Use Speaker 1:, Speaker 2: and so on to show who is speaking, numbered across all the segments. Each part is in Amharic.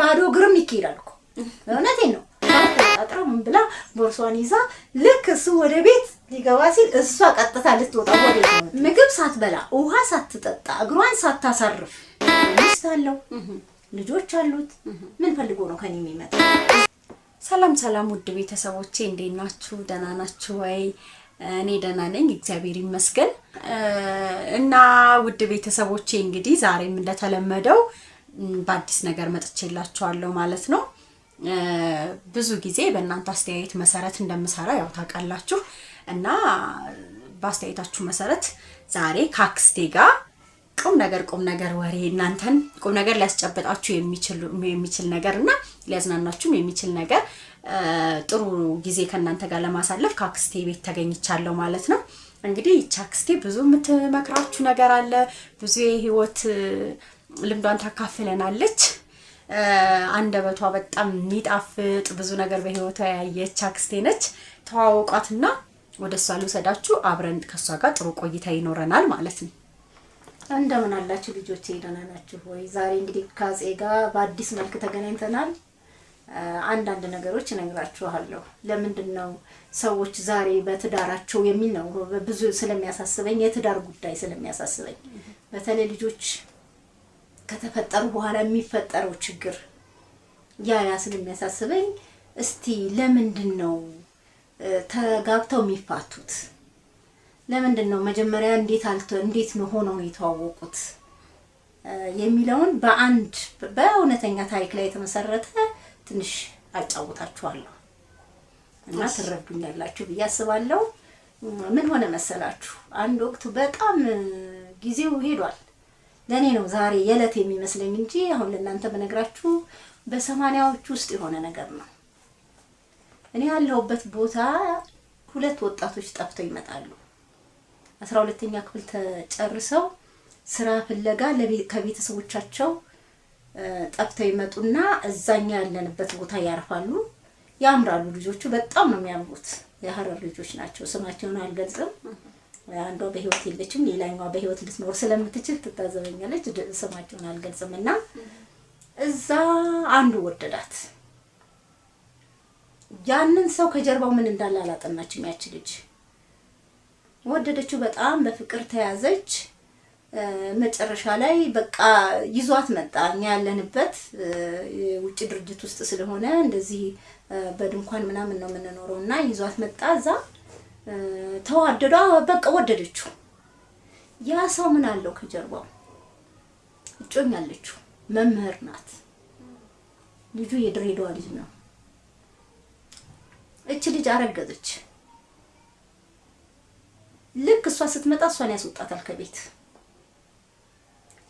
Speaker 1: ባዶ እግርም ይካሄዳል እኮ እውነቴን ነው። አጥራ ምን ብላ ቦርሷን ይዛ ልክ እሱ ወደ ቤት ሊገባ ሲል እሷ ቀጥታ ልትወጣ ወደ ምግብ ሳትበላ ውሃ ሳትጠጣ እግሯን ሳታሳርፍ ሚስት አለው ልጆች አሉት። ምን ፈልጎ ነው ከኔ የሚመጣ?
Speaker 2: ሰላም ሰላም፣ ውድ ቤተሰቦቼ እንዴት ናችሁ? ደህና ናችሁ ወይ? እኔ ደህና ነኝ እግዚአብሔር ይመስገን። እና ውድ ቤተሰቦቼ እንግዲህ ዛሬም እንደተለመደው በአዲስ ነገር መጥቼላችኋለሁ ማለት ነው። ብዙ ጊዜ በእናንተ አስተያየት መሰረት እንደምሰራ ያው ታውቃላችሁ እና በአስተያየታችሁ መሰረት ዛሬ ከአክስቴ ጋር ቁም ነገር ቁም ነገር ወሬ እናንተን ቁም ነገር ሊያስጨበጣችሁ የሚችል ነገር እና ሊያዝናናችሁም የሚችል ነገር ጥሩ ጊዜ ከእናንተ ጋር ለማሳለፍ ከአክስቴ ቤት ተገኝቻለሁ ማለት ነው። እንግዲህ ይቺ አክስቴ ብዙ የምትመክራችሁ ነገር አለ ብዙ የህይወት ልምዷን ታካፍለናለች። አንደበቷ በጣም የሚጣፍጥ ብዙ ነገር በህይወቷ ያየች አክስቴ ነች። ተዋውቋትና ወደ እሷ ልውሰዳችሁ። አብረን ከእሷ ጋር ጥሩ ቆይታ ይኖረናል ማለት ነው።
Speaker 1: እንደምን አላችሁ ልጆቼ፣ ደህና ናችሁ ወይ? ዛሬ እንግዲህ ከአፄ ጋር በአዲስ መልክ ተገናኝተናል። አንዳንድ ነገሮች እነግራችኋለሁ። ለምንድን ነው ሰዎች ዛሬ በትዳራቸው የሚል ነው ብዙ ስለሚያሳስበኝ፣ የትዳር ጉዳይ ስለሚያሳስበኝ በተለይ ልጆች ከተፈጠሩ በኋላ የሚፈጠረው ችግር ያ ያ ስለሚያሳስበኝ፣ እስቲ ለምንድን ነው ተጋብተው የሚፋቱት? ለምንድን ነው መጀመሪያ እንዴት አልቶ እንዴት ነው ሆነው የተዋወቁት የሚለውን በአንድ በእውነተኛ ታሪክ ላይ የተመሰረተ ትንሽ አጫውታችኋለሁ እና ትረዱኛላችሁ ብዬ አስባለሁ። ምን ሆነ መሰላችሁ? አንድ ወቅቱ በጣም ጊዜው ሄዷል ለእኔ ነው ዛሬ የዕለት የሚመስለኝ እንጂ አሁን ለእናንተ በነግራችሁ በሰማንያዎች ውስጥ የሆነ ነገር ነው። እኔ ያለሁበት ቦታ ሁለት ወጣቶች ጠፍተው ይመጣሉ። አስራ ሁለተኛ ክፍል ተጨርሰው ስራ ፍለጋ ከቤተሰቦቻቸው ጠፍተው ይመጡና እዛኛ ያለንበት ቦታ ያርፋሉ። ያምራሉ ልጆቹ፣ በጣም ነው የሚያምሩት። የሀረር ልጆች ናቸው። ስማቸውን አልገልጽም። አንዷ በህይወት የለችም፣ ሌላኛዋ በህይወት ልትኖር ስለምትችል ትታዘበኛለች። ስማቸውን አልገልጽም እና እዛ አንዱ ወደዳት። ያንን ሰው ከጀርባው ምን እንዳለ አላጠናችም። ያች ልጅ ወደደችው፣ በጣም በፍቅር ተያዘች። መጨረሻ ላይ በቃ ይዟት መጣ። እኛ ያለንበት የውጭ ድርጅት ውስጥ ስለሆነ እንደዚህ በድንኳን ምናምን ነው የምንኖረው እና ይዟት መጣ እዛ ተዋደዷ በቃ ወደደችው። ያ ሰው ምን አለው ከጀርባው እጮኛ አለችው፣ መምህር ናት። ልጁ የድሬዳዋ ልጅ ነው። እች ልጅ አረገዘች። ልክ እሷ ስትመጣ እሷን ያስወጣታል ከቤት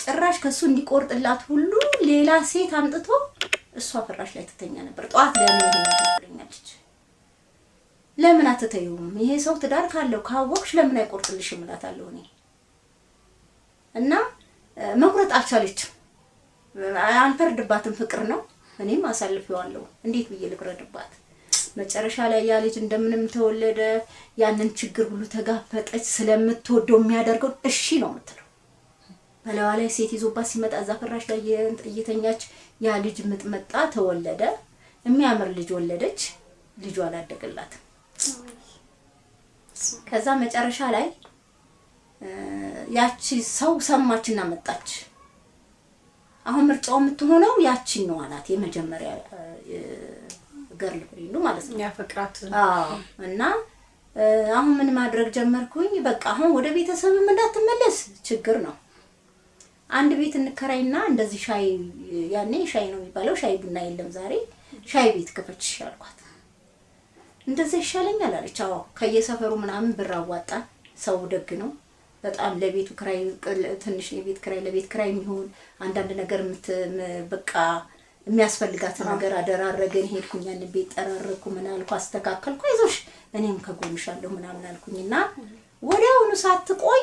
Speaker 1: ጭራሽ ከሱ እንዲቆርጥላት ሁሉ ሌላ ሴት አምጥቶ እሷ ፍራሽ ላይ ትተኛ ነበር። ጠዋት ለምን ይሄ ለምን አትተይውም? ይሄ ሰው ትዳር ካለው ካወቅሽ ለምን አይቆርጥልሽ እላታለሁ እኔ እና መቁረጥ አልቻለችም። አልፈርድባትም፣ ፍቅር ነው። እኔም አሳልፌዋለሁ። እንዴት ብዬ ልፍረድባት? መጨረሻ ላይ ያ ልጅ እንደምንም ተወለደ። ያንን ችግር ሁሉ ተጋፈጠች። ስለምትወደው የሚያደርገው እሺ ነው የምትለው። በለዋ ላይ ሴት ይዞባት ሲመጣ እዛ ፍራሽ ላይ እየተኛች ያ ልጅ ምጥመጣ ተወለደ። የሚያምር ልጅ ወለደች። ልጁ አላደገላትም። ከዛ መጨረሻ ላይ ያቺ ሰው ሰማችና መጣች። አሁን ምርጫው የምትሆነው ያቺን ነው አላት። የመጀመሪያ ገርል ፍሬንዱ ማለት ነው ያፈቅራት። አዎ እና አሁን ምን ማድረግ ጀመርኩኝ፣ በቃ አሁን ወደ ቤተሰብም እንዳትመለስ ችግር ነው። አንድ ቤት እንከራይና እንደዚህ ሻይ፣ ያኔ ሻይ ነው የሚባለው፣ ሻይ ቡና የለም ዛሬ ሻይ ቤት ክፈች አልኳት። እንደዛ ይሻለኛል አለች። አዎ ከየሰፈሩ ምናምን ብር አዋጣ። ሰው ደግ ነው በጣም ለቤቱ ክራይ ትንሽ የቤት ክራይ ለቤት ክራይ የሚሆን አንዳንድ ነገር በቃ የሚያስፈልጋት ነገር አደራረገን። ሄድኩኝ ያን ቤት ጠራረግኩ፣ ምን አልኩ፣ አስተካከልኩ፣ አይዞሽ እኔም ከጎንሻለሁ ምናምን አልኩኝና ወዲያውኑ ሳትቆይ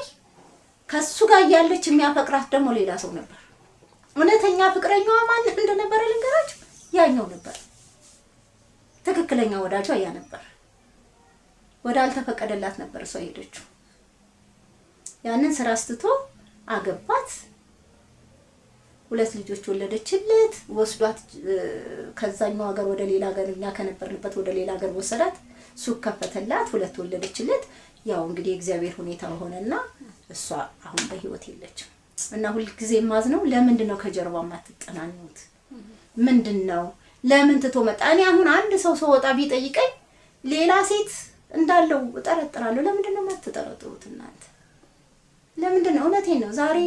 Speaker 1: ከሱ ጋር እያለች የሚያፈቅራት ደግሞ ሌላ ሰው ነበር። እውነተኛ ፍቅረኛዋ ማን እንደነበረ ልንገራችሁ፣ ያኛው ነበር። ትክክለኛ ወዳጇ ያ ነበር። ወደ አልተፈቀደላት ነበር እሷ ሄደችው። ያንን ስራ አስትቶ አገባት። ሁለት ልጆች ወለደችለት። ወስዷት ከዛኛው ሀገር ወደ ሌላ ሀገር እኛ ከነበርንበት ወደ ሌላ ሀገር ወሰዳት። ሱቅ ከፈተላት። ሁለት ወለደችለት። ያው እንግዲህ የእግዚአብሔር ሁኔታ ሆነና እሷ አሁን በህይወት የለችም። እና ሁልጊዜ ማዝ ነው። ለምንድን ነው ከጀርባ የማትጠናኙት? ምንድን ነው ለምን ትቶ መጣ? እኔ አሁን አንድ ሰው ስወጣ ቢጠይቀኝ ሌላ ሴት እንዳለው እጠረጥራለሁ። ለምንድን ነው የማትጠረጥሩት እናንተ? ለምንድን ነው? እውነቴን ነው። ዛሬ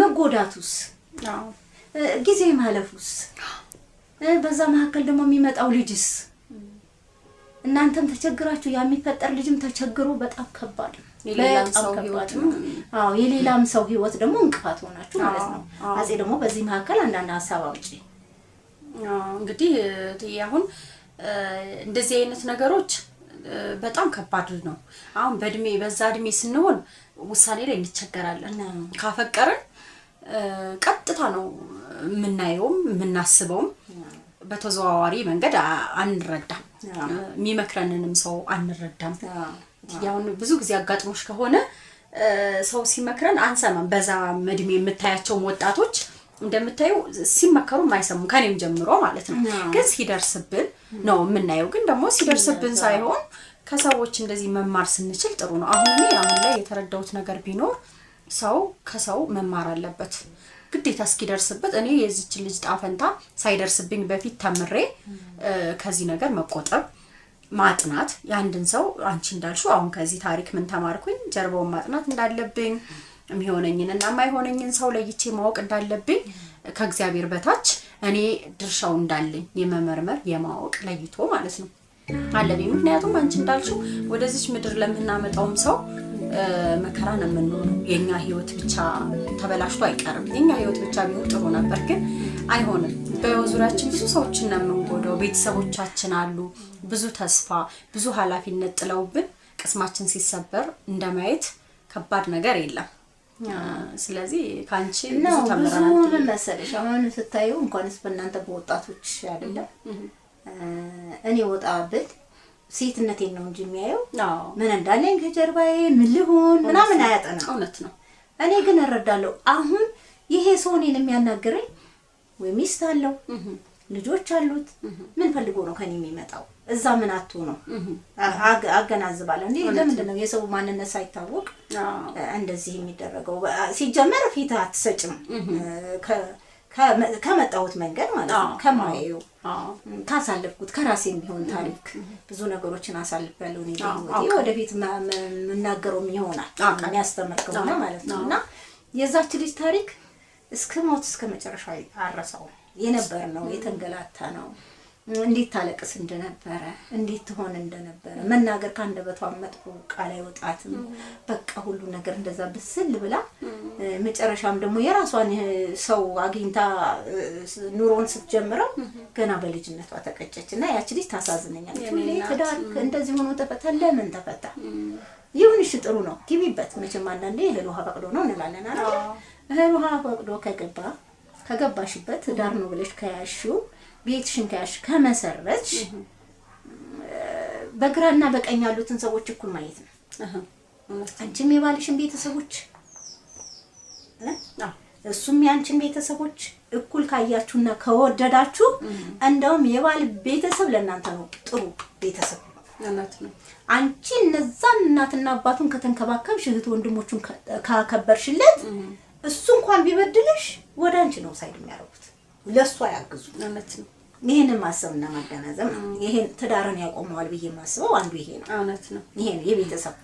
Speaker 1: መጎዳቱስ፣ ጊዜ ማለፉስ፣ በዛ መካከል ደግሞ የሚመጣው ልጅስ እናንተም ተቸግራችሁ ያ የሚፈጠር ልጅም ተቸግሮ በጣም ከባድ ነው። የሌላም ሰው ህይወት ደግሞ እንቅፋት ሆናችሁ ማለት ነው። አፄ ደግሞ በዚህ መካከል አንዳንድ ሀሳብ አውጪ
Speaker 2: እንግዲህ አሁን እንደዚህ አይነት ነገሮች በጣም ከባድ ነው። አሁን በእድሜ በዛ እድሜ ስንሆን ውሳኔ ላይ እንቸገራለን። ካፈቀርን ቀጥታ ነው የምናየውም የምናስበውም። በተዘዋዋሪ መንገድ አንረዳም፣ የሚመክረንንም ሰው አንረዳም። ያሁን ብዙ ጊዜ አጋጥሞች ከሆነ ሰው ሲመክረን አንሰማም። በዛ እድሜ የምታያቸውም ወጣቶች እንደምታዩ ሲመከሩ ማይሰሙ ከኔም ጀምሮ ማለት ነው። ግን ሲደርስብን ነው የምናየው። ግን ደግሞ ሲደርስብን ሳይሆን ከሰዎች እንደዚህ መማር ስንችል ጥሩ ነው። አሁን አሁን ላይ የተረዳሁት ነገር ቢኖር ሰው ከሰው መማር አለበት ግዴታ እስኪደርስበት። እኔ የዚች ልጅ ጣፈንታ ሳይደርስብኝ በፊት ተምሬ ከዚህ ነገር መቆጠብ ማጥናት፣ የአንድን ሰው አንቺ እንዳልሽው አሁን ከዚህ ታሪክ ምን ተማርኩኝ፣ ጀርባውን ማጥናት እንዳለብኝ የሚሆነኝን እና የማይሆነኝን ሰው ለይቼ ማወቅ እንዳለብኝ ከእግዚአብሔር በታች እኔ ድርሻው እንዳለኝ የመመርመር የማወቅ ለይቶ ማለት ነው አለብኝ። ምክንያቱም አንቺ እንዳልሽው ወደዚች ምድር ለምናመጣውም ሰው መከራ ነው የምንሆነው። የእኛ ህይወት ብቻ ተበላሽቶ አይቀርም። የኛ ህይወት ብቻ ቢሆን ጥሩ ነበር፣ ግን አይሆንም። በዙሪያችን ብዙ ሰዎችን ነው የምንጎደው። ቤተሰቦቻችን አሉ፣ ብዙ ተስፋ ብዙ ኃላፊነት ጥለውብን ቅስማችን ሲሰበር እንደማየት ከባድ ነገር የለም። ስለዚህ
Speaker 1: ከአንቺ ብዙ ብዙ ምን መሰለሽ አሁን ስታዩ እንኳንስ በእናንተ በወጣቶች አይደለም እኔ ወጣብል ብል ሴትነቴን ነው እንጂ የሚያየው ምን እንዳለኝ ከጀርባዬ ምን ልሆን ምናምን አያጠና። እውነት ነው። እኔ ግን እረዳለሁ። አሁን ይሄ ሰው እኔን የሚያናግረኝ ወይ ሚስት አለው ልጆች አሉት ምን ፈልጎ ነው ከኔ የሚመጣው እዛ ምን አቶ ነው አገናዝባለሁ። እንዴ ለምንድን ነው የሰው ማንነት ሳይታወቅ እንደዚህ የሚደረገው? ሲጀመር ፊት አትሰጭም። ከመጣሁት መንገድ ማለት
Speaker 2: ነው ከማየው
Speaker 1: ካሳለፍኩት ከራሴ የሚሆን ታሪክ ብዙ ነገሮችን አሳልፌያለሁ። እኔ ወደፊት የምናገረውም ይሆናል የሚያስተምር ከሆነ ማለት ነው። እና የዛች ልጅ ታሪክ እስከ ሞት እስከ መጨረሻ አረሰው የነበር ነው የተንገላታ ነው እንዴት ታለቅስ እንደነበረ እንዴት ትሆን እንደነበረ መናገር ከአንደበቷ መጥፎ ቃል አይወጣትም። በቃ ሁሉ ነገር እንደዛ ብስል ብላ መጨረሻም ደግሞ የራሷን ሰው አግኝታ ኑሮን ስትጀምረው ገና በልጅነቷ ተቀጨች እና ያች ልጅ ታሳዝነኛለች። ትዳር እንደዚህ ሆኖ ተፈታ። ለምን ተፈታ? ይሁንሽ ጥሩ ነው ግቢበት። መቼም አንዳንዴ እህል ውሃ ፈቅዶ ነው እንላለን እህል ውሃ ፈቅዶ ከገባ ከገባሽበት ትዳር ነው ብለሽ ከያሽው ቤትሽን ከያሽ ከመሰረች በግራና በቀኝ ያሉትን ሰዎች እኩል ማየት ነው። አንቺም የባልሽን ቤተሰቦች እሱም የአንቺን ቤተሰቦች እኩል ካያችሁና ከወደዳችሁ እንደውም የባል ቤተሰብ ለእናንተ ነው ጥሩ ቤተሰብ። አንቺ እነዛን እናትና አባቱን ከተንከባከብሽ፣ እህት ወንድሞቹን ካከበርሽለት፣ እሱ እንኳን ቢበድልሽ ወደ አንቺ ነው ሳይድ የሚያደርጉት።
Speaker 2: ለእሱ አያግዙ
Speaker 1: እውነት ነው። ይሄንን ማሰብና ማገናዘብ ይሄን ትዳርን ያቆመዋል ብዬ የማስበው አንዱ ይሄ ነው። እውነት ነው። ይሄ ነው የቤተሰብ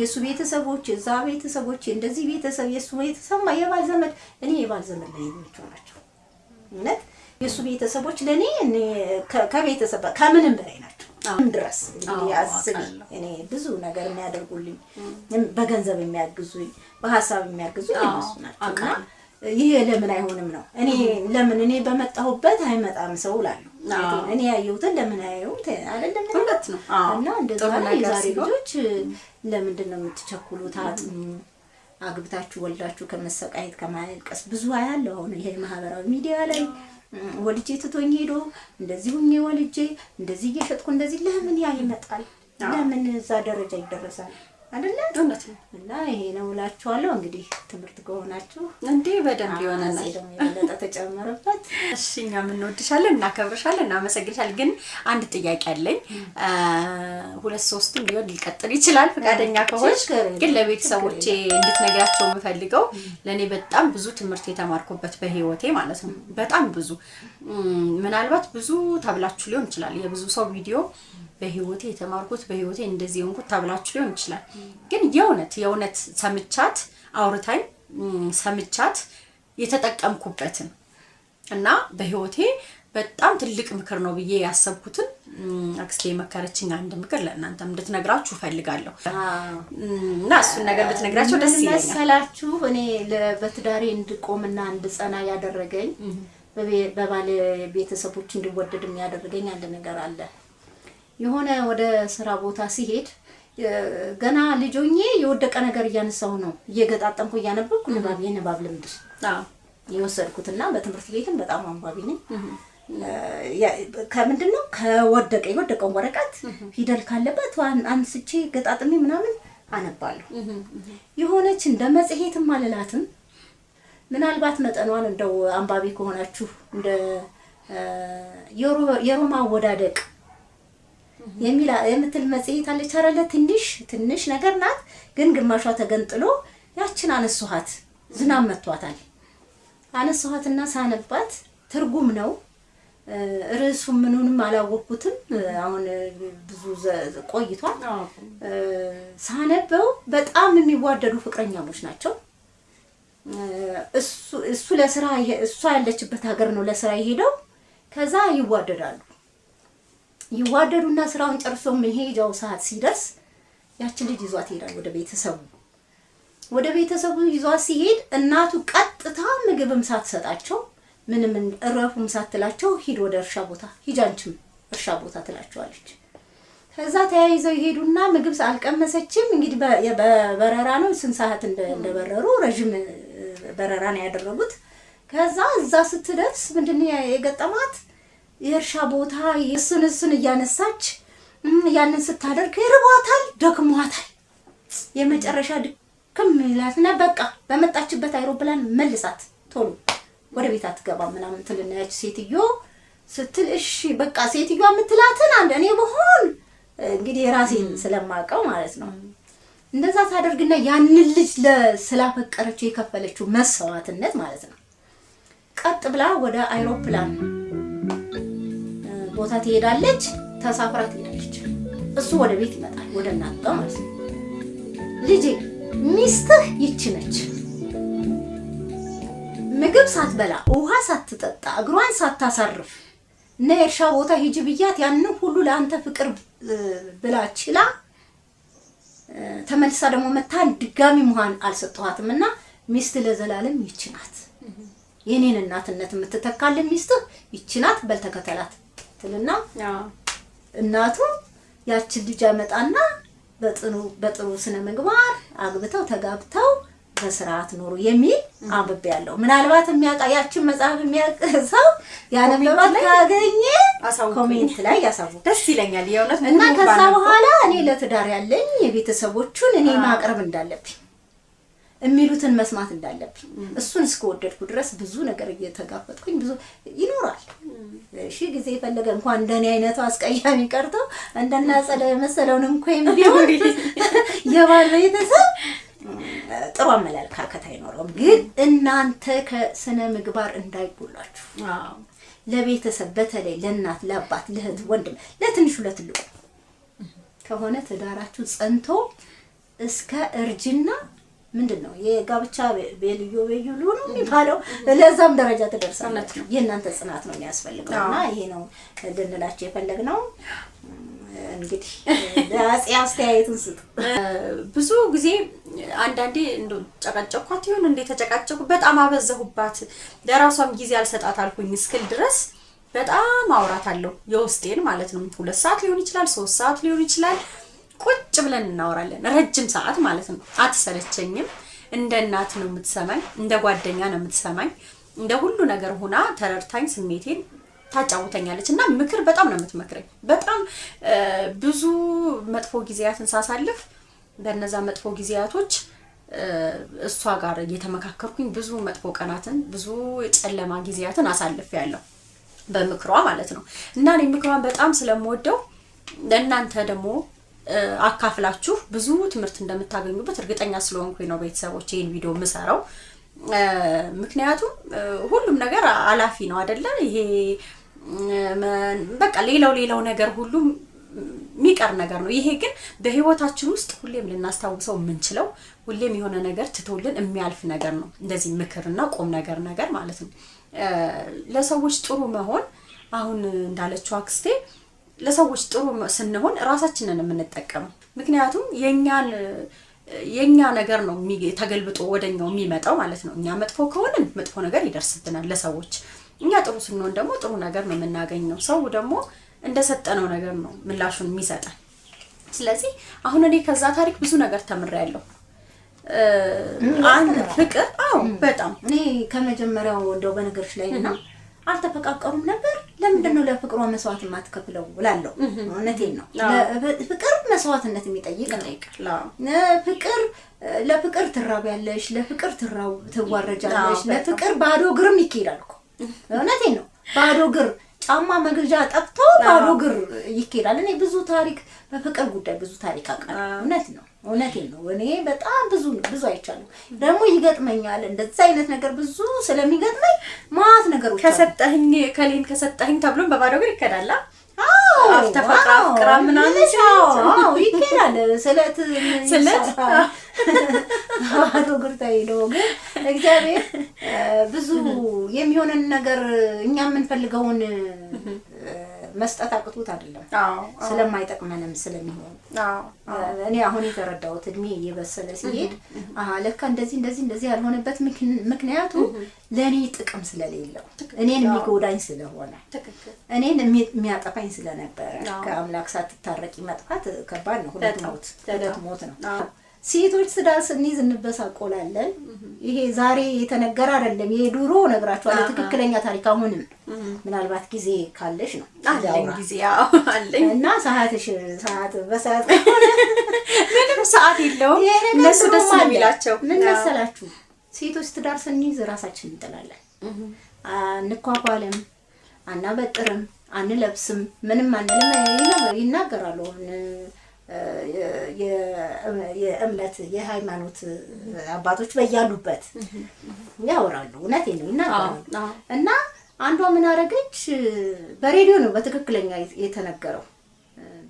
Speaker 1: የእሱ ቤተሰቦች እዛ ቤተሰቦች እንደዚህ ቤተሰብ የእሱ ቤተሰብ የባል ዘመድ እኔ የባል ዘመድ ላይ የሚቸው ናቸው። እውነት የእሱ ቤተሰቦች ለእኔ ከቤተሰብ ከምንም በላይ ናቸው። አሁን ድረስ እኔ ብዙ ነገር የሚያደርጉልኝ በገንዘብ የሚያግዙኝ በሀሳብ የሚያግዙኝ እነሱ ናቸው። ይሄ ለምን አይሆንም ነው። እኔ ለምን እኔ በመጣሁበት አይመጣም ሰው እላለሁ። እኔ ያየሁትን ለምን አያየሁት
Speaker 2: አይደለም ማለት ነው።
Speaker 1: እና እንደዛ የዛሬ ልጆች ለምንድን ነው የምትቸኩሉት? አጥኑ አግብታችሁ ወልዳችሁ ከመሰቃየት ከማያልቀስ ብዙ አያለ አሁን ይሄ ማህበራዊ ሚዲያ ላይ ወልጄ ትቶኝ ሄዶ እንደዚህ ሁኜ ወልጄ እንደዚህ እየሸጥኩ እንደዚህ ለምን ያ ይመጣል? ለምን እዛ ደረጃ ይደረሳል አይደለ? እውነት ነው። እና ይሄ ነው እላችኋለሁ። እንግዲህ ትምህርት ከሆናችሁ
Speaker 2: እንዴ በደንብ ይሆነናል፣
Speaker 1: የበለጠ ተጨመረበት።
Speaker 2: እሺ፣ እኛም እንወድሻለን፣ እናከብርሻለን፣ እናመሰግንሻለን። ግን አንድ ጥያቄ አለኝ። ሁለት ሶስትም ቢሆን ሊቀጥል ይችላል ፈቃደኛ ከሆንሽ። ግን ለቤተሰቦቼ እንድትነግራቸው የምፈልገው ለእኔ በጣም ብዙ ትምህርት የተማርኩበት በህይወቴ ማለት ነው በጣም ብዙ ምናልባት ብዙ ተብላችሁ ሊሆን ይችላል የብዙ ሰው ቪዲዮ በህይወቴ የተማርኩት በህይወቴ እንደዚህ የሆንኩት ተብላችሁ ሊሆን ይችላል። ግን የእውነት የእውነት ሰምቻት አውርታኝ ሰምቻት የተጠቀምኩበትን እና በህይወቴ በጣም ትልቅ ምክር ነው ብዬ ያሰብኩትን አክስቴ የመከረችኝ አንድ ምክር ለእናንተም እንድትነግራችሁ ፈልጋለሁ እና እሱን ነገር ብትነግራቸው ደስ ይለኛል።
Speaker 1: መሰላችሁ እኔ በትዳሬ እንድቆምና እንድጸና ያደረገኝ በባለ ቤተሰቦች እንድወደድ የሚያደርገኝ አንድ ነገር አለ። የሆነ ወደ ስራ ቦታ ሲሄድ ገና ልጆኜ የወደቀ ነገር እያነሳሁ ነው እየገጣጠምኩ እያነበብኩ ንባብ የንባብ ልምድ የወሰድኩትና በትምህርት ቤትም በጣም አንባቢ ነኝ። ከምንድን ነው ከወደቀ የወደቀውን ወረቀት ፊደል ካለበት አንስቼ ገጣጥሜ ምናምን አነባለሁ። የሆነች እንደ መጽሔትም አልላትም። ምናልባት መጠኗን እንደው አንባቢ ከሆናችሁ እንደ የሮማ አወዳደቅ የምትል መጽሔት አለች አይደለ? ትንሽ ትንሽ ነገር ናት፣ ግን ግማሿ ተገንጥሎ ያችን አነሷት። ዝናብ መቷታል። አነሷትና ሳነባት ትርጉም ነው ርዕሱ ምኑንም አላወቅኩትም። አሁን ብዙ ቆይቷል። ሳነበው በጣም የሚዋደዱ ፍቅረኛሞች ናቸው። እሱ ለስራ እሷ ያለችበት ሀገር ነው ለስራ የሄደው። ከዛ ይዋደዳሉ ይዋደዱና ስራውን ጨርሶ መሄጃው ሰዓት ሲደርስ ያችን ልጅ ይዟት ይሄዳል ወደ ቤተሰቡ። ወደ ቤተሰቡ ይዟት ሲሄድ እናቱ ቀጥታ ምግብም ሳትሰጣቸው ምንም እረፉም ሳትላቸው ሂድ ወደ እርሻ ቦታ ሂጂ አንቺም እርሻ ቦታ ትላቸዋለች። ከዛ ተያይዘው ይሄዱና ምግብ አልቀመሰችም። እንግዲህ በበረራ ነው ስንት ሰዓት እንደበረሩ ረዥም በረራ ነው ያደረጉት። ከዛ እዛ ስትደርስ ምንድን የገጠማት የእርሻ ቦታ እሱን እሱን እያነሳች ያንን ስታደርግ ይርቧታል፣ ደክሟታል። የመጨረሻ ድክም ይላትና በቃ በመጣችበት አይሮፕላን መልሳት ቶሎ ወደ ቤት አትገባ ምናምን ትልናያች ሴትዮ ስትል እሺ በቃ ሴትዮ የምትላትን አንድ እኔ በሆን እንግዲህ ራሴን ስለማውቀው ማለት ነው። እንደዛ ታደርግና ያንን ልጅ ስላፈቀረችው የከፈለችው መስዋዕትነት ማለት ነው። ቀጥ ብላ ወደ አይሮፕላን ቦታ ትሄዳለች፣ ተሳፍራ ትሄዳለች። እሱ ወደ ቤት ይመጣል፣ ወደ እናት ጋር ማለት ነው። ልጄ ሚስትህ ይቺ ነች። ምግብ ሳትበላ ውሃ ሳትጠጣ እግሯን ሳታሳርፍ እና የእርሻ ቦታ ሂጂ ብያት ያንን ሁሉ ለአንተ ፍቅር ብላ ችላ ተመልሳ ደግሞ መታን ድጋሚ ሙሃን አልሰጠኋትም እና ሚስት ለዘላለም ይችናት የኔን እናትነት የምትተካልን ሚስትህ ይችናት በልተከተላት ስትልና እናቱ ያችን ልጅ አመጣና በጥሩ በጥሩ ስነ ምግባር አግብተው ተጋብተው በስርዓት ኖሩ የሚል አንብቤ ያለው ምናልባት የሚያውቃ ያችን መጽሐፍ የሚያውቅ ሰው ያነበባት ካገኘ ኮሜንት ላይ ያሳውቅ
Speaker 2: ደስ ይለኛል። የእውነት
Speaker 1: እና ከዛ በኋላ እኔ ለትዳር ያለኝ የቤተሰቦቹን እኔ ማቅረብ እንዳለብኝ የሚሉትን መስማት እንዳለብን እሱን እስከወደድኩ ድረስ ብዙ ነገር እየተጋፈጥኩኝ ብዙ ይኖራል። ሺህ ጊዜ የፈለገ እንኳን እንደኔ አይነቱ አስቀያሚ ቀርቶ እንደናጸለ የመሰለውን እንኳ ቢሆን የባል ቤተሰብ ጥሩ አመለካከት አይኖረውም። ግን እናንተ ከስነ ምግባር እንዳይጎላችሁ ለቤተሰብ በተለይ ለእናት፣ ለአባት፣ ለእህት፣ ወንድም፣ ለትንሹ ለትልቁ ከሆነ ትዳራችሁ ጸንቶ እስከ እርጅና ምንድን ነው የጋብቻ ቤልዮ ቤዩ ሊሆኑ የሚባለው ለዛም ደረጃ ትደርሳለት ነው። የእናንተ ጽናት ነው የሚያስፈልገው እና ይሄ ነው ልንላቸው የፈለግነው። እንግዲህ ለአፄ አስተያየቱን ስጡ።
Speaker 2: ብዙ ጊዜ አንዳንዴ እንደ ጨቀጨኳት ይሁን እንደ ተጨቃጨቁ በጣም አበዛሁባት፣ ለራሷም ጊዜ አልሰጣት አልኩኝ እስክል ድረስ በጣም አውራት አለው የውስጤን ማለት ነው። ሁለት ሰዓት ሊሆን ይችላል፣ ሶስት ሰዓት ሊሆን ይችላል ቁጭ ብለን እናወራለን ረጅም ሰዓት ማለት ነው። አትሰለቸኝም። እንደ እናት ነው የምትሰማኝ፣ እንደ ጓደኛ ነው የምትሰማኝ፣ እንደ ሁሉ ነገር ሆና ተረድታኝ ስሜቴን ታጫውተኛለች እና ምክር በጣም ነው የምትመክረኝ። በጣም ብዙ መጥፎ ጊዜያትን ሳሳልፍ በነዛ መጥፎ ጊዜያቶች እሷ ጋር እየተመካከርኩኝ ብዙ መጥፎ ቀናትን ብዙ ጨለማ ጊዜያትን አሳልፍ ያለው በምክሯ ማለት ነው እና እኔ ምክሯን በጣም ስለምወደው ለእናንተ ደግሞ አካፍላችሁ ብዙ ትምህርት እንደምታገኙበት እርግጠኛ ስለሆንኩኝ ነው ቤተሰቦች ይህን ቪዲዮ የምሰራው። ምክንያቱም ሁሉም ነገር አላፊ ነው አደለ? ይሄ በቃ ሌላው ሌላው ነገር ሁሉ የሚቀር ነገር ነው። ይሄ ግን በህይወታችን ውስጥ ሁሌም ልናስታውሰው የምንችለው ሁሌም የሆነ ነገር ትቶልን የሚያልፍ ነገር ነው። እንደዚህ ምክርና ቁም ነገር ነገር ማለት ነው። ለሰዎች ጥሩ መሆን አሁን እንዳለችው አክስቴ ለሰዎች ጥሩ ስንሆን ራሳችንን የምንጠቀመው ምክንያቱም የእኛን የእኛ ነገር ነው ተገልብጦ ወደኛው የሚመጣው ማለት ነው። እኛ መጥፎ ከሆንን መጥፎ ነገር ይደርስብናል ለሰዎች። እኛ ጥሩ ስንሆን ደግሞ ጥሩ ነገር ነው የምናገኘው። ሰው ደግሞ እንደሰጠነው ነገር ነው ምላሹን የሚሰጠን። ስለዚህ አሁን እኔ ከዛ ታሪክ ብዙ ነገር ተምሬያለሁ። ፍቅር፣ አዎ በጣም
Speaker 1: እኔ ከመጀመሪያው እንደው በነገሮች ላይ ነው አልተፈቃቀሩም ነበር። ለምንድን ነው ለፍቅሯ መስዋዕት የማትከፍለው? ብላለሁ። እውነቴን ነው። ፍቅር መስዋዕትነት የሚጠይቅ ነው። ፍቅር ለፍቅር ትራቢያለሽ፣ ለፍቅር ትራው ትዋረጃለሽ፣ ለፍቅር ባዶ እግርም ይካሄዳል እኮ እውነቴን ነው። ባዶ እግር ጫማ መግዣ ጠፍቶ ባዶ እግር ይኬዳል። እኔ ብዙ ታሪክ በፍቅር ጉዳይ ብዙ ታሪክ አውቃለሁ። እውነት ነው፣ እውነቴን ነው። እኔ በጣም ብዙ ብዙ አይቻለሁ። ደግሞ ይገጥመኛል እንደዚህ አይነት ነገር ብዙ ስለሚገጥመኝ ማት ነገሮች
Speaker 2: ከሰጠህኝ ከሌን ከሰጠህኝ ተብሎም በባዶ እግር ይኬዳል። አፍተፈቅራ ምናምን
Speaker 1: ይኬዳል ስለት ስለት አቶ ግርታይ ግን እግዚአብሔር ብዙ የሚሆንን ነገር እኛ የምንፈልገውን መስጠት አቅቶት አይደለም፣ ስለማይጠቅመንም ስለሚሆን እኔ አሁን የተረዳሁት እድሜ እየበሰለ ሲሄድ ለካ እንደዚህ እንደዚህ እንደዚህ ያልሆነበት ምክንያቱ ለእኔ ጥቅም ስለሌለው እኔን የሚጎዳኝ ስለሆነ እኔን የሚያጠፋኝ ስለነበረ ከአምላክ ሳትታረቂ መጥፋት ከባድ ነው። ሁለት ሞት
Speaker 2: ሁለት ሞት ነው።
Speaker 1: ሴቶች ትዳር ስንይዝ እንበሳቆላለን። ይሄ ዛሬ የተነገረ አይደለም። ይሄ ድሮ እነግራቸዋለሁ፣ ትክክለኛ ታሪክ አሁንም ምናልባት ጊዜ ካለሽ ነው ጊዜ እና ሰዓትሽ ሰዓት በሰዓት
Speaker 2: ምንም ሰዓት የለውም። እነሱ ደስ የሚላቸው
Speaker 1: ምን መሰላችሁ? ሴቶች ትዳር ስንይዝ ራሳችን እንጥላለን። አንኳኳልም፣ አናበጥርም፣ አንለብስም፣ ምንም አንልም ይናገራሉ የእምነት የሃይማኖት አባቶች በያሉበት ያወራሉ። እውነቴን ነው ይናገራሉ። እና አንዷ ምን አደረገች? በሬዲዮ ነው በትክክለኛ የተነገረው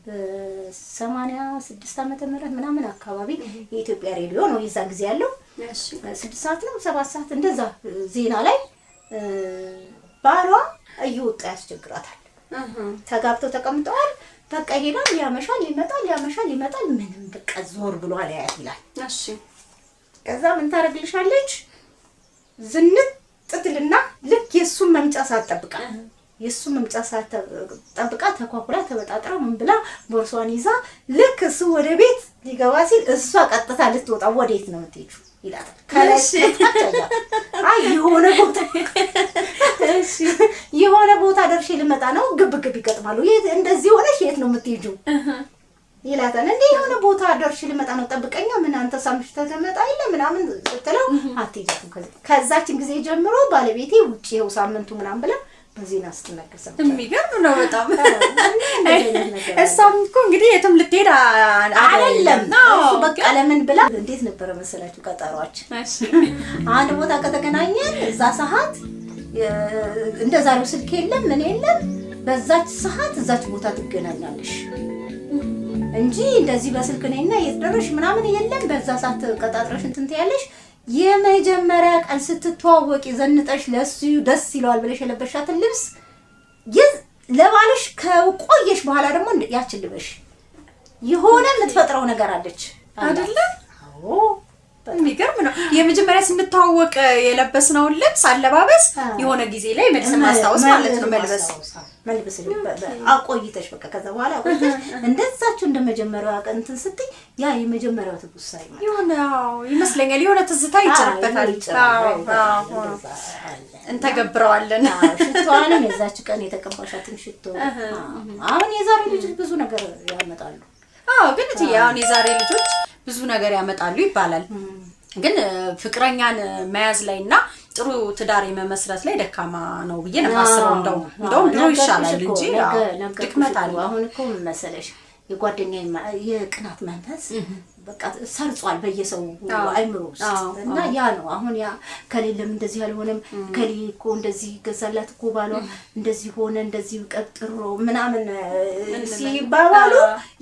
Speaker 1: በሰማንያ ስድስት ዓመተ ምህረት ምናምን አካባቢ የኢትዮጵያ ሬዲዮ ነው የዛ ጊዜ ያለው ስድስት ሰዓት ነው ሰባት ሰዓት እንደዛ ዜና ላይ ባሏ እየወጣ ያስቸግራታል። ተጋብተው ተቀምጠዋል። በቃ ይሄዳል፣ ያመሻል፣ ይመጣል፣ ያመሻል፣ ይመጣል። ምንም በቃ ዞር ብሎ አለያት ይላል። እሺ ከዛ ምን ታደርግልሻለች? ዝንጥ ጥትልና ልክ የእሱን መምጫ ሰዓት ጠብቃ የእሱን መምጫ ሳትጠብቃ ተኳኩላ ተበጣጥራ ምን ብላ ቦርሷን ይዛ ልክ እሱ ወደ ቤት ሊገባ ሲል እሷ ቀጥታ ልትወጣ ወዴት ነው የምትሄጂው? የሆነ ቦታ የሆነ ቦታ ደርሼ ልመጣ ነው። ግብ ግብ ይገጥማሉ። እንደዚህ ሆነሽ የት ነው የምትሄጂው ይላታል። እንደ የሆነ ቦታ ደርሼ ልመጣ ነው ጠብቀኛ፣ ምን አንተ የለ ምናምን ስትለው አትሄጂም። ከዛችን ጊዜ ጀምሮ ባለቤቴ ውጭ ይኸው ሳምንቱ ምናምን ብለን በዜና ስትነገር
Speaker 2: ሰምተን የሚገርም ነው በጣም። እሷም እኮ እንግዲህ የትም ልትሄድ
Speaker 1: አይደለም። በቃ ለምን ብላ እንዴት ነበረ መሰላችሁ ቀጠሯችን? አንድ ቦታ ከተገናኘን እዛ ሰዓት እንደ ዛሬው ስልክ የለም ምን የለም። በዛች ሰዓት እዛች ቦታ ትገናኛለሽ እንጂ እንደዚህ በስልክ ነኝና የት ደረሽ ምናምን የለም። በዛ ሰዓት ቀጣጥረሽ እንትን ትያለሽ የመጀመሪያ ቀን ስትተዋወቂ ዘንጠሽ ለሱ ደስ ይለዋል ብለሽ የለበሻትን ልብስ ለባልሽ ከቆየሽ በኋላ ደግሞ ያችልበሽ የሆነ የምትፈጥረው ነገር አለች
Speaker 2: አይደለ? የሚገርም ነው። የመጀመሪያ ስንተዋወቅ የለበስነውን ልብስ አለባበስ የሆነ ጊዜ ላይ መልስ ማስታወስ ማለት ነው። መልበስ
Speaker 1: መልበስ አቆይተሽ በቃ ከዛ በኋላ አቆይተሽ እንደዛችሁ እንደመጀመሪያዋ እንትን ስትይ ያ የመጀመሪያው ትጉሳይ ሳይ ማለት
Speaker 2: የሆነ ይመስለኛል የሆነ ትዝታ ይጭርበታል። እንተገብረዋለን።
Speaker 1: ሽቶዋንም የዛች ቀን የተቀባሻትን ሽቶ አሁን የዛሬ ልጆች ብዙ ነገር ያመጣሉ።
Speaker 2: አዎ ግን እትዬ አሁን የዛሬ ልጆች ብዙ ነገር ያመጣሉ ይባላል። ግን ፍቅረኛን መያዝ ላይ እና ጥሩ ትዳር የመመስረት ላይ ደካማ ነው ብዬ ነው የማስበው። እንደው እንደውም ድሮ ይሻላል እንጂ
Speaker 1: ድክመት አለ። አሁን እኮ ምን መሰለሽ የጓደኛ የቅናት መንፈስ በቃ ሰርጿል በየሰው አይምሮ ውስጥ እና ያ ነው አሁን ያ ከሌለም እንደዚህ አልሆነም ከሌ እኮ እንደዚህ ይገዛላት እኮ ባሏ እንደዚህ ሆነ እንደዚህ ቀጥሮ ምናምን ሲባባሉ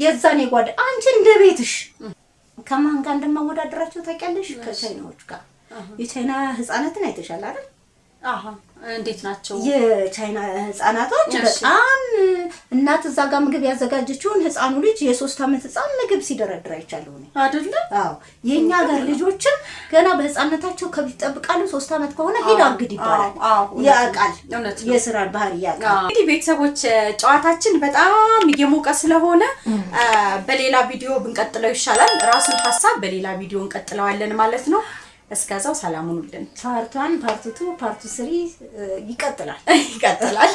Speaker 1: የዛን የጓደ አንቺ እንደ ቤትሽ ከማን ጋር እንደማወዳደራቸው ታውቂያለሽ? ከቻይናዎች ጋር የቻይና ህጻናትን አይተሻል አይደል? እንዴት ናቸው የቻይና ህጻናቶች? በጣም እናት እዛ ጋር ምግብ ያዘጋጀችውን ህፃኑ ልጅ የሶስት አመት ህፃን ምግብ ሲደረድር አይቻለሁ እኔ አዎ የእኛ ሀገር ልጆችም ገና በህፃነታቸው ከብት ይጠብቃሉ። ሶስት አመት ከሆነ ሂድ አግድ ይባላል። ያውቃል፣ የስራን ባህሪ ያውቃል።
Speaker 2: እንግዲህ ቤተሰቦች ጨዋታችን በጣም እየሞቀ ስለሆነ በሌላ ቪዲዮ ብንቀጥለው ይሻላል። ራሱን ሀሳብ በሌላ ቪዲዮ እንቀጥለዋለን ማለት ነው። እስከዛው ሰላም ሁኑልን።
Speaker 1: ፓርቷን ፓርቲቱ ፓርቱ ስሪ ይቀጥላል ይቀጥላል።